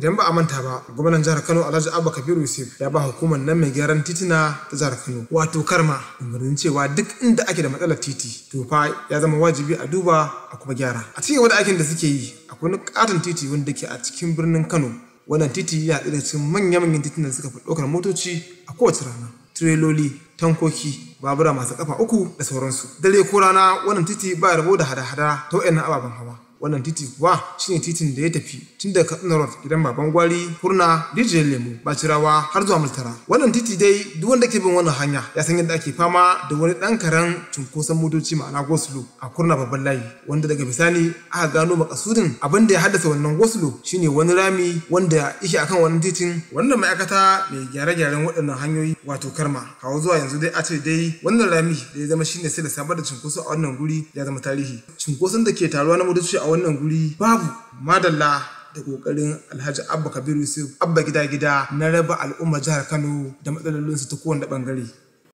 idan ba a manta ba gwamnan jihar kano alhaji abba kabiru yusuf ya ba hukumar nan mai gyaran titina ta jihar kano wato karma umarnin cewa duk inda ake da matsalar titi to fa ya zama wajibi a duba a kuma gyara a cikin wani aikin da suke yi akwai wani katon titi wanda ke a cikin birnin kano wannan titi ya haɗu da cikin manya-manyan titina da suka fi ɗaukar motoci a kowace rana tireloli tankoki babura masu kafa uku da sauransu dare ko rana wannan titi ba rabo da hada-hada ta wayannan ababen hawa wannan titi kuwa shine titin da ya tafi tun daga katsina road gidan baban gwari kurna rijiyar lemu bacirawa har zuwa multara wannan titi dai duk wanda ke bin wannan hanya ya san yadda ake fama da wani ɗan karen cunkoson motoci ma'ana gosulo a kurna babban layi wanda daga bisani aka gano makasudin abin da ya haddasa wannan goslo shine wani rami wanda yake akan wannan titin wannan ma'aikata mai gyare-gyaren waɗannan hanyoyi wato karma kawo zuwa yanzu dai a ce dai wannan rami da ya zama shine sai da samar da cunkoso a wannan guri ya zama tarihi cunkoson da ke taruwa na motoci a wannan guri babu madalla da kokarin alhaji abba kabiru yusuf abba gida gida na raba al'umma jihar kano da matsalolinsu ta kowanne bangare